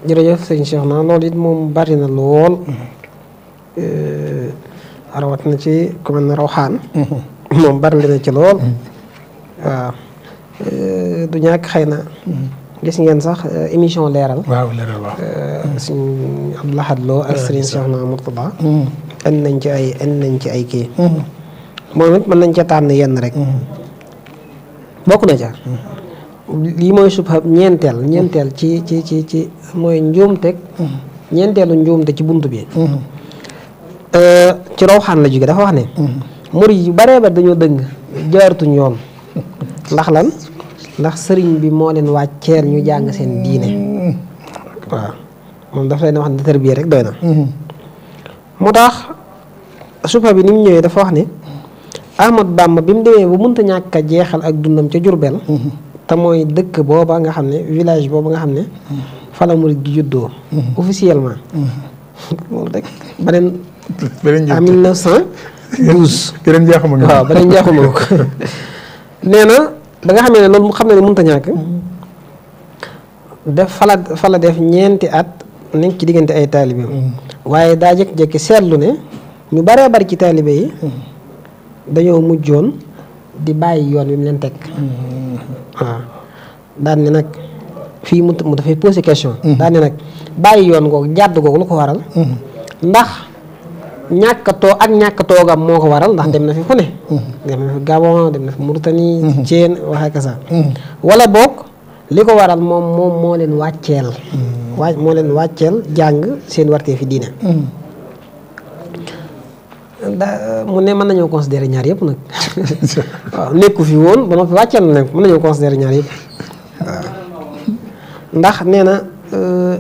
jërëjëf sëñ Cheikh naa loolu it moom bari na lool mm-hmm. eh, rawat na ci ku mel ne Rawxaan mm-hmm. moom bari ci lool mm-hmm. waaw eh, du ñàkk xëy na gis ngeen sax euh, émission leeral. waaw leeral waaw. Euh, ak Serigne Cheikhna Mourtada. indi mm. nañ ci ay indi nañ ci ay kii. Mm. moom it mën nañ ca tànn yenn rek. Mm. bokk na ca. lii mooy subhab ñeenteel ñeenteel ci ci ci ci mooy njuumteg. ñeenteelu njuumte ci bunt bi. Euh, ci rawxaan la jóge dafa wax ne. mur yi baree ba dañoo dëng jaartuñ yoon. ndax lan. ndax sëriñ bi moo leen wàcceer ñu jàng seen diine waaw moom dafa leen wax ne tarbiya rek doy na mm-hmm. moo tax supa bi ni mu ñëwee dafa wax ne Ahmad Bamba bi mu demee ba mënta ñàkk jeexal ak dundam ca benn mm-hmm. te mooy dëkk booba nga xam ne village booba nga xam ne mm-hmm. fa la murid gi juddoo officiellement loolu rek beneen à mille neuf cent douze jeexuma ko waaw ba nga xamee ne loolu xam ne mënut a ñàkk mm-hmm. def fala fala def ñeenti at nekk ci diggante ay taalibe mm-hmm. waaye daa jékki-jékki seetlu ne ñu baree bari ci taalibe yi mm-hmm. dañoo mujjoon di bàyyi yoon wi mu leen teg waaw daan ne nag fii mu mu dafay posé question daan ne nag bàyyi yoon googu jàdd googu lu ko waral ndax ñàkk too ak ñàkk toogam moo ko waral ndax dem na fi fu ne. dem na fi Gabon dem na fi Mauritanie. Thiène wax ak sa wala boog li ko waral moom moom moo leen wàcceel. waaj moo leen wàcceel jàng seen wartee fi diine. ne mën nañoo considérer yëpp nag nekku fi woon ba na mën nañoo considérer ñaar yëpp ndax nee na euh,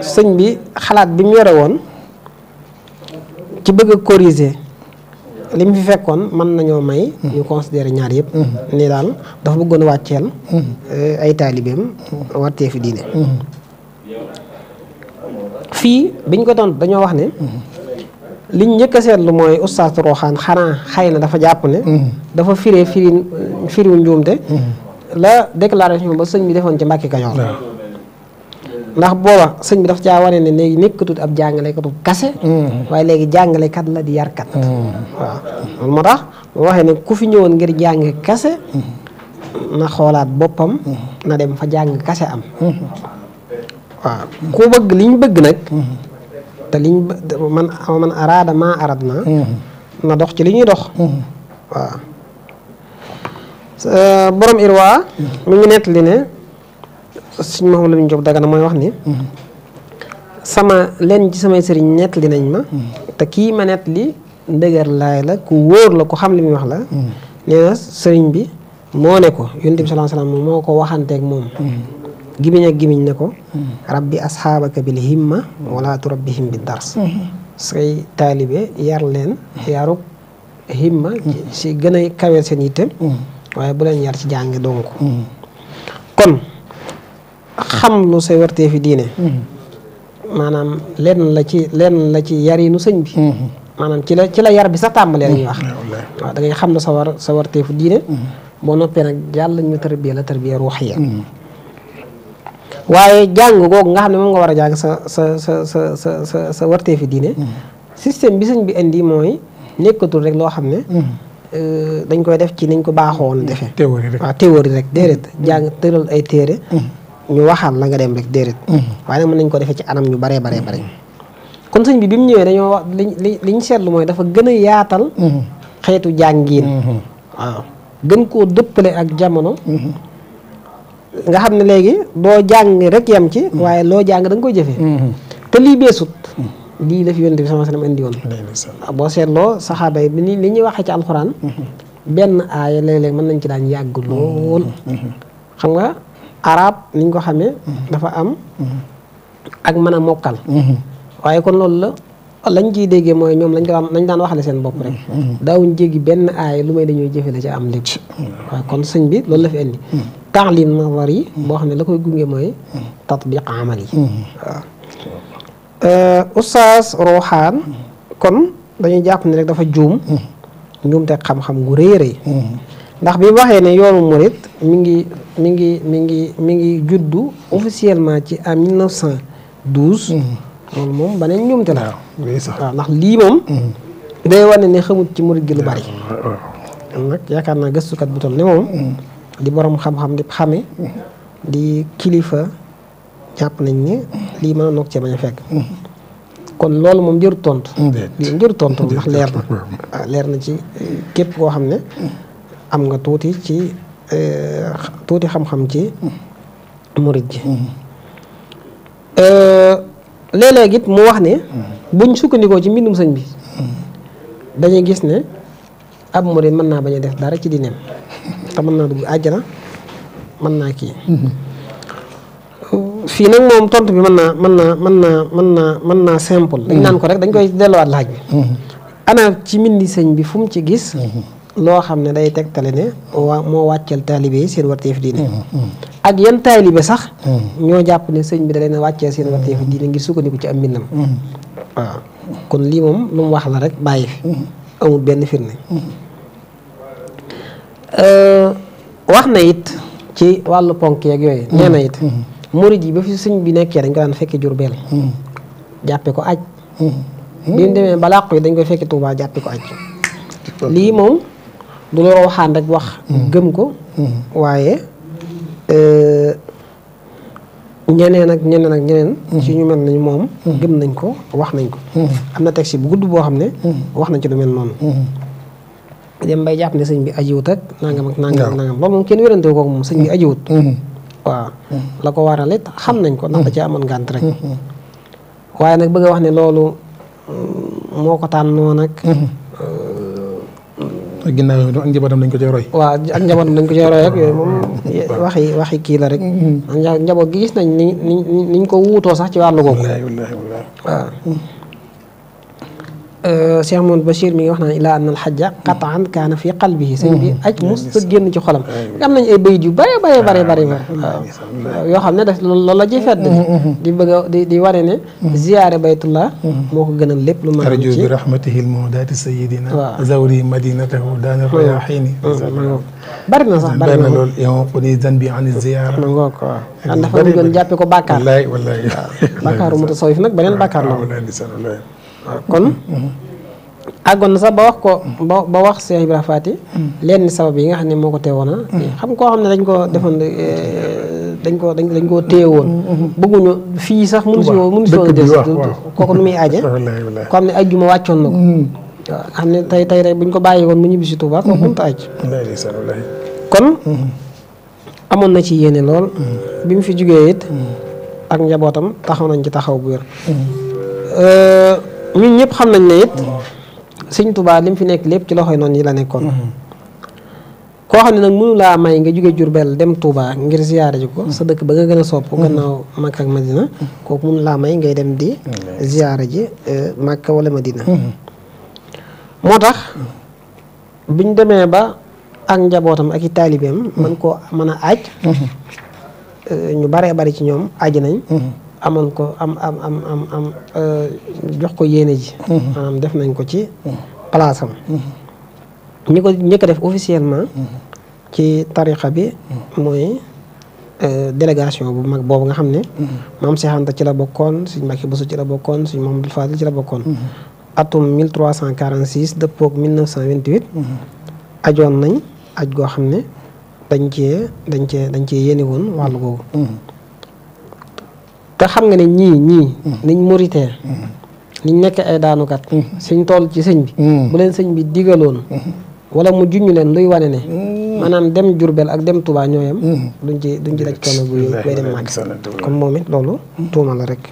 sëñ bi xalaat bi mu yore woon. ci bëgg a corriger fi fekkoon mën nañoo may. ñu considérer ñaar yëpp. Mhm. ni daal dafa bëggoon wàcceel. Mhm. Eh, ay taalibeem wartee fi diine. Mhm. fii biñ ko tontu dañoo wax ne. liñ njëkk seetlu mooy oustaz Roxaan xanaa xëy na dafa jàpp ne. dafa firee firi firiwu njuumte. la déclaration ba sëñ bi defoon ci Mbàkke Kajoor ndax booba sëñ bi daf caa wane ne léegi nekkatut ab jàngalekatu kase mm-hmm. waaye léegi jàngalekat la di yarkat mm-hmm. waaw loolu moo tax mu waxee ne ku fi ñëwoon ngir jàng kase mm-hmm. na xoolaat boppam na dem fa jàng kase am waaw ku bëgg liñ bëgg nag te liñ man man araada maa na na dox ci li ñuy dox waaw euh, borom irwa mi ngi nettali ne suñu Mouhamadou Lamine Diop Dagana mooy wax ni sama lenn ci samay sëriñ nettali nañ ma te kii ma nettali ndëgër laay la ku wóor la ku xam li muy wax la nee sëriñ bi moo ne ko yonent bi sallallahu alayhi wasallam moo ko waxanteeg ne ko rabbi bi dars say taalibe yar leen yaruk himma si gën a kawee seen yitte waaye bu leen yar ci jàng donc mm-hmm. kon xam lu say wartee fi diine hmm. maanaam lenn la ci lenn la ci yarinu sëñ bi hmm. maanaam ci la ci la yar bi sax tàmbalee la wax hmm. waaw da ngay xam la sa war sa wartee fu diine noppee nag jàll ñu tarbiya la tarbiya ruux ya waaye jàng googu nga xam ne moom nga war a jàng sa sa sa sa sa sa sa wartee fi diine système bi sëñ bi indi mooy nekkatul rek loo xam ne euh, dañ koy def ci nañ ko baaxoon defee théorie rek waaw rek jàng tëral ay téere ñu waxaan la nga dem rek déedéet. waaye nag mën nañ ko defee ci anam ñu baree baree bare kon sëñ bi bi mu ñëwee dañoo wax li li ñu seetlu mooy dafa gën a yaatal. xeetu jàngiin. waaw gën koo dëppale ak jamono. nga xam ne léegi doo jàng rek yam ci. waaye loo jàng da koy jëfee. te lii beesut. lii la fi yonent bi sama sanam indi woon. boo seetloo saxaaba yi li li ñuy waxee ci alxuraan. benn aaya léeg-léeg mën nañ ci daan yàgg lool. xam nga. araab ni ñu ko xamee. dafa am. ak man a mokkal. waaye kon loolu la. lañ ciy déggee mooy ñoom lañ am lañ daan waxale seen bopp rek daawuñ jéggi benn aay lu may dañuy jëfe la ci am lépp waaw kon sëñ bi loolu la fi indi taalim nazar yi boo xam ne la koy gunge mooy tatbiq amal yi waaw oustaz euh, Rouhane kon dañuy jàpp ne rek dafa juum njuum te xam-xam gu rëy rëy ndax bi mu waxee ne yoonu murit mi ngi mi ngi mi ngi mi ngi juddu officiellement ci en 1912. Mhm. loolu moom beneen njuumte la. waaw ndax lii moom. Mhm. day wane ne xamut ci murit gi lu bari. yaakaar naa gëstukat bu toll ni moom. Mhm. di borom xam-xam di xame. di kilifa jàpp nañ ni lii mën a noog bañ a fekk. kon loolu moom jëru tontu. jëru tontu ndax leer na. Ah, leer na ci eh, képp koo xam ne. am nga tuuti ci euh, tuuti xam-xam ci murid ji mm-hmm. euh, léeg-léeg mu wax ne mm-hmm. buñ sukkandikoo ci mbindum sëñ bi mm-hmm. dañuy gis ne ab murid mën naa bañ def dara ci diineem te mën naa dugg àjjana mën naa kii fii nag moom tont bi mën naa mën naa mën naa mën naa mën naa simple dañ naan ko rek dañ koy delluwaat laaj bi ana ci mbindi sëñ bi fu ci gis loo xam ne day tegtale ne waa moo wàcceel taalibe yi seen diine mm, mm, mm. ak yan taalibe sax ñoo jàpp ne sëñ bi da leen a wàcceel seen warteefi diine ngir sukkandiku ci am mbindam waaw kon lii moom lu mu wax la rek bàyyi fi amul benn firnde euh, wax na yit ci wàllu ponk yeeg yooyu nee na it murid yi ba fi sëñ bi nekkee dañ ko daan fekki Jurbel jàppe ko aj bi mu demee ba yi dañ koy fekki Tuubaa jàppe ko aj lii moom du loo waxaan rek wax. Mm-hmm. gëm ko. Mm-hmm. waaye euh, ñeneen ak ñeneen ak ñeneen. Mm-hmm. ci ñu mel nañ moom. gëm nañ ko wax nañ ko. am na texte bu gudd boo xam ne. wax nañ ci lu mel noonu. dem bay sëñ bi ajiwut ak nangam ak nangam ak nangam loolu moom kenn wérante ko moom sëñ bi ajiwut. waaw la ko waral it xam nañ ko ndax da ci amoon gànt rek. waaye nag bëgg a wax ne loolu mm, moo ko tànn noonu nag. ak ginnaaw ak njabootam dañ ko cee roy. waaw ak njabootam dañ ko cee roy ak yooyu moom waxi waxi kii la rek. Mm-hmm. njaboot gi gis nañ ni ni niñ ko wuutoo sax ci wàllu googu. waaw. Euh, Cheikh Mouhamed Bachir mi ngi wax naan ilaa anna alxajja qataan kaana fi qalbihi sëñ bi mm-hmm. aj mos sa génn ci xolam am nañ ay bayit yu bare bare bare bare waaw yoo xam ne daf loolu la ci fedd mm-hmm. di bëgg a di di wane ne mm-hmm. ziyaare baytullah moo ko gënal lépp lu mën arju bi rahmatihi almuhdaati sayidina waaw zawri madinatahu daana rayaxiini bari na sax bari na lool yow ko ni zan bi an ziyaara ma ngoo ko waaw dafa gën jàppe ko bàkkaar wallaay wallaay bàkkaaru mutasawif nag beneen bàkkaar la kon àggoon na sax ba wax ko ba ba wax Cheikh Ibrahima Faty lenn sabab yi nga xam ne moo ko teewoon a ah. mm-hmm. xam koo xam ne dañ ko defoon dañ ko eh, dañ koo téye woon mm-hmm. bëgguñu fii sax mënu si mënu si woon des kooku nu muy aje ko xam ne ajjuma wàccoon mm-hmm. xam ne tey tey rek buñ ko bàyyi woon mu ñibbi si Touba ko mënut a aj kon amoon na ci yéene lool bi mu fi jugee it ak njabootam taxaw nañ ci taxaw bu wér euh, ñun ñëpp xam nañ ne it sëñ Tuubaa li mu fi nekk lépp ci loxo loxoy noonu yi la nekkoon. Mm-hmm. koo xam ne nag mënu laa may nga jóge Jurbel dem Touba ngir ziyaare ji ko sa dëkk ba nga gën a sopp mm-hmm. gannaaw Makka ak Madina mm-hmm. kooku mënu laa may ngay dem di ziyaare ji euh, Makka wala Madina moo tax biñ demee ba ak njabootam ak i taalibeem mën koo mën a aaj euh, ñu bare bari ci ñoom aaj nañ amal ko am am am am am euh, jox ko yéene ji. Mhm. def nañ ko ci mhm. palaasam am. Mhm. ko ñi ko def officiellement. ci tarixa bi mooy. Euh, délégation bu mag boobu nga xam ne maam Cheikh Anta ci la bokkoon suñ Mbacké Bousso ci la bokkoon suñ Mamadou Fadil ci la bokkoon atum 1346 dëppoog 1928 ajoon nañ aj goo xam ne dañ ci dañ cee dañ cee yéene woon wàllu googu te xam nga ne ñii ñii niñ muritee niñ nekk ay daanukat mm-hmm. suñ toll ci sëñ bi mm-hmm. bu leen sëñ bi digaloon mm-hmm. wala mu juñu leen luy wane ne maanaam dem Jurbel ak dem Touba ñoo yem duñ ci duñ ci daj coono bu koy dem màgg kon moom it loolu tuuma la rek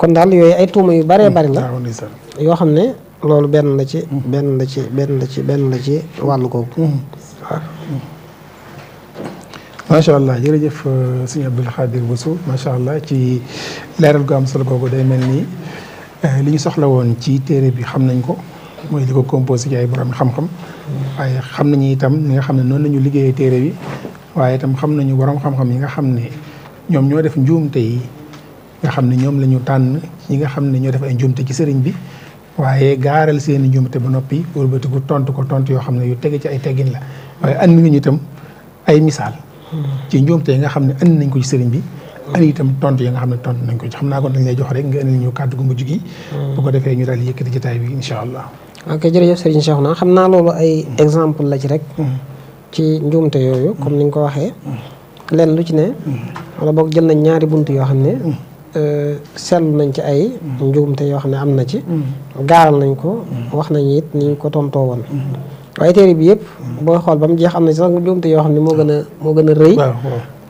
kon daal yooyu ay tuuma yu bëree bëri la yoo xam ne loolu benn la ci benn la ci benn la ci benn la ci ci wàll waaw macha allah jërëjëf euh, sëñ Abdoul Khadir Bousso macha allah ci leeral ko am solo googu day mel ni euh, li ñu soxla woon ci téere bi xam nañ ko mooy li ko composé ci ay borom xam-xam waaye xam nañu itam ñi nga xam ne noonu la ñu téere bi waaye itam xam nañu borom xam-xam yi nga xam ne ñoom ñoo def njuumte yi nga xam ne ñoom la ñu tànn ñi nga xam ne ñoo def ay njuumte ci sëriñ bi waaye gaaral seen i njuumte ba noppi wëlbatiku tontu ko tont yoo xam ne yu tege ci ay teggin la waaye andi ñu itam ay misaal ci njuumte yi nga xam ne andi nañ ko ci sëriñ bi andi itam tontu yi nga xam ne tontu nañ ko ci xam naa ko dañ lay jox rek nga indi ñu kàddu gu mujj gi bu ko defee ñu daal yëkkati jotaay bi incha allah ok jërëjëf sëriñ Cheikh naa xam naa loolu ay mm. exemple la ci rek mm. ci njuumte yooyu comme ni nga ko waxee mm. lenn lu ci ne wala boog jël nañ ñaari bunt yoo xam ne euh, seetlu nañ ci ay njuumte yoo xam ne am na ci gaaral nañ ko wax nañ it ni ko tontoo woon waaye téere bi yëpp booy xool ba mu jeex am na sax njuumte yoo xam ne moo gën a moo gën a rëy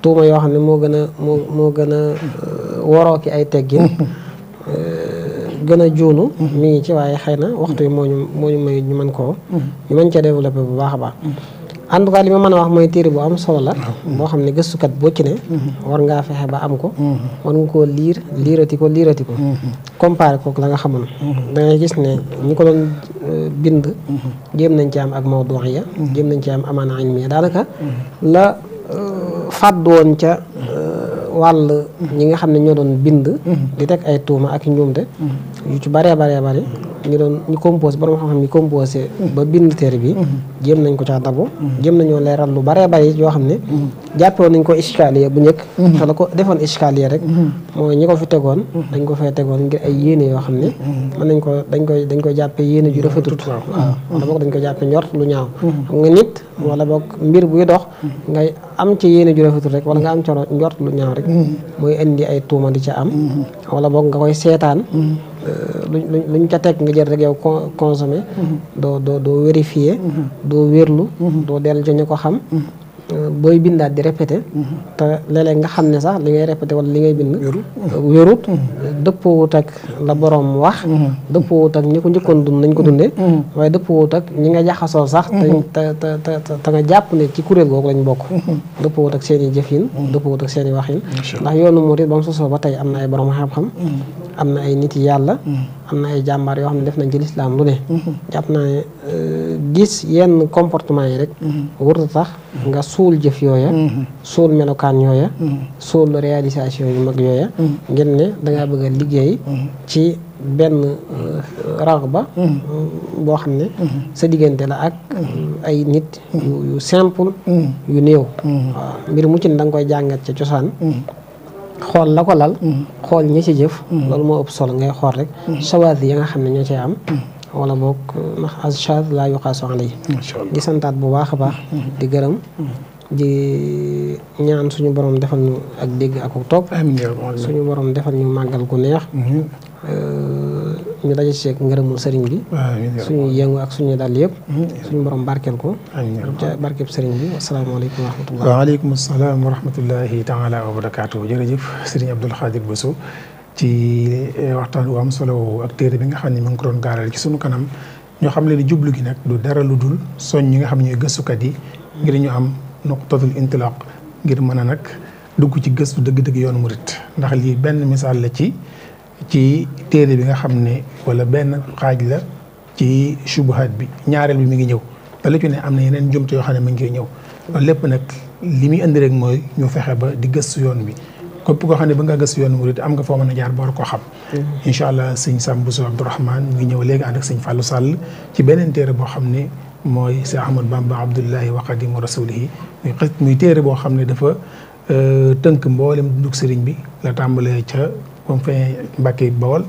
tuuma yoo xam ne moo gën a moo moo gën a euh, waroo ki ay teggin euh, gën a juunu mi ngi ci waaye xëy na waxtu yi moo ñu moo ñu may ñu mën koo mm-hmm. ñu mën cee développé bu baax a baax mm-hmm. en tout cas li ma mën a wax mooy téere bu am solo la. moo xam ne gëstukat boo ci ne. war ngaa fexe ba am ko. war nga koo liir liirati ko liirati ko. comparé kook la nga xamoon. da gis ne ñi ko doon euh, bind. jéem nañ ci am ak mawduiya. jéem nañ ci am amaana ilmiya daanaka. la euh, fàddu woon ca. Euh, wàll ñi nga xam ne ñoo doon bind. di teg ay tuuma ak njuumte. yu ci bëree bëree bëri ñu doon ñu composé borom xam-xam ñu composé ba bind téere bi jéem nañ ko caa dabu jéem nañoo leeral lu bëree bëri yoo xam ne jàppewoon nañ ko iskaliya bu njëkk te ko defoon iskaliya rek mooy ñi ko fi tegoon dañ ko fay tegoon ngir ay yéene yoo xam ne nañ ko dañ koy dañ koy jàppe yéene ju rafetut waaw wala boog dañ koy jàppe njort lu ñaaw hmm. xam nga nit wala boog mbir buy dox am ci yéene ju rafetut rek wala nga am ci njort lu ñaaw rek hmm. mooy indi ay tuuma di ca am hmm. wala boog nga koy seetaan Euh, luñ luñ luñ ca teg nga jël rek yow consommé. Mm-hmm. doo doo doo vérifier. Mm-hmm. doo wérlu. Mm-hmm. doo dellu ci ñu ko xam. booy bindaat di répété. te léeg nga xam ne sax li ngay répété wala li ngay bind. wérut dëppoowut ak la borom wax. Mm-hmm. dëppoowut ak ñi ko njëkkoon dund nañ ko dundee. Mm-hmm. Mm-hmm. waaye dëpp dëppoowut ak ñi nga jaxasoo sax. te te te te nga jàpp ne ci kuréel googu lañ bokk. dëppoowut ak seen i jëfin. dëppoowut ak seen i waxin. ndax yoonu murid ba mu sosoo ba tey am na ay borom xam-xam. am na ay nit yàlla. am na ay jàmbaar yoo xam ne def nañ ci lislaam lu ne mhm. jàpp naa ne euh, gis yenn comportement yi rek mhm. warut a tax nga suul jëf yooya mhm. suul melokaan yooya suul réalisation yu mag yooya ngir ne dangaa bëgg liggéey ci benn euh, ba mm, boo xam ne sa diggante la ak mm, ay nit yu simple yu néew waaw mbir mu ci ne da koy jàngat ca cosaan xool la ko lal mm-hmm. xool ñu ci jëf mm-hmm. loolu moo ëpp solo ngay xool rek mm-hmm. shawaaz yi nga xam ne ñoo cee am wala boog ndax ashad laa yuqaasu alayhi di santaat bu baax a baax di gërëm di ñaan suñu borom defal ñu ak dégg ak topp suñu borom defal ñu màggal gu neex euh, ñu daje ci ngërëmul sëriñ bi suñu yëngu ak suñu dal hmm, yëpp suñu borom barkeel ko ca barkeb sëriñ bi asalaamaaleykum wa rahmatullah waaleykum asalaam wa rahmatullahi taala wa barakaatu jërëjëf sëriñ Abdul Xaadir ci eh, waxtaan wu am solo ak téere bi nga xam ne mu ngi ko doon gaaral ci suñu kanam ñoo xam ni jublu gi nag du dara lu dul soñ ñi nga xam ñooy gëstukat yi ngir ñu am nuqtatul intilaq ngir mën a nag dugg ci gëstu dëgg-dëgg yoonu murit ndax lii benn misaal la ci ci téere bi nga xam ne wala benn xaaj la ci subuhaat bi ñaareel bi mi ngi ñëw te la ci ne yeneen jumte yoo xam ne mi koy ñëw lépp nag li muy indi rek mooy ñu fexe ba di gëstu yoon bi képp koo xam ne ba nga gëstu yoon murit am nga foo mën a jaar boor ko xam mm-hmm. incha allah sëñ Sam Bousso Abdourahmane mi ngi ñëw léegi ànd ak sëñ Fallou Sall ci beneen téere boo xam ne mooy Seex Ahmadu Bamba Abdullahi wa Xadimu Rasulihi muy xës muy téere boo xam ne dafa euh, tënk mboolem dundug sëriñ bi la tàmbalee ca ba mu fee Mbàkke Bawol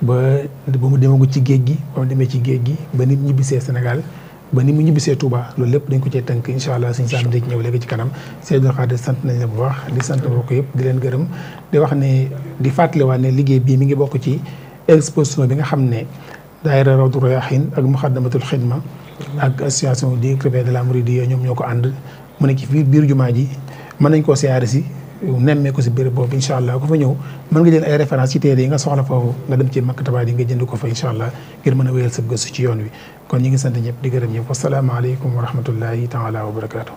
ba ba mu ko ci géej gi ba mu demee ci géej gi ba nit ñibbisee Sénégal ba ni mu ñibbisee Touba loolu lépp dañ ko cee tënk incha allah suñu saam di ñëw léegi ci kanam Seydou Khadre sant nañ la bu baax di sant ko yëpp di leen gërëm di wax ne di fàttaliwaat ne liggéey bii mi ngi bokk ci exposition bi nga xam ne daayira Rawdu Rayaahiin ak Muxaddamatul Xidma ak association des écrivains de la Mouridiyya ñoom ñoo ko ànd mu nekk ci biir biir jumaa ji mën nañ koo siyaare si nemmee ko si béréb boobu incha allah ku fa ñëw mën nga jël ay référence ci nga soxla foofu nga dem ci makk nga jënd ko fa incha allah ngir mën a wéyal sa gëstu ci yoon wi kon ñi ngi sant ñëpp di gërëm ñëpp wasalaamaaleykum wa rahmatullahi taala wa barakaatu.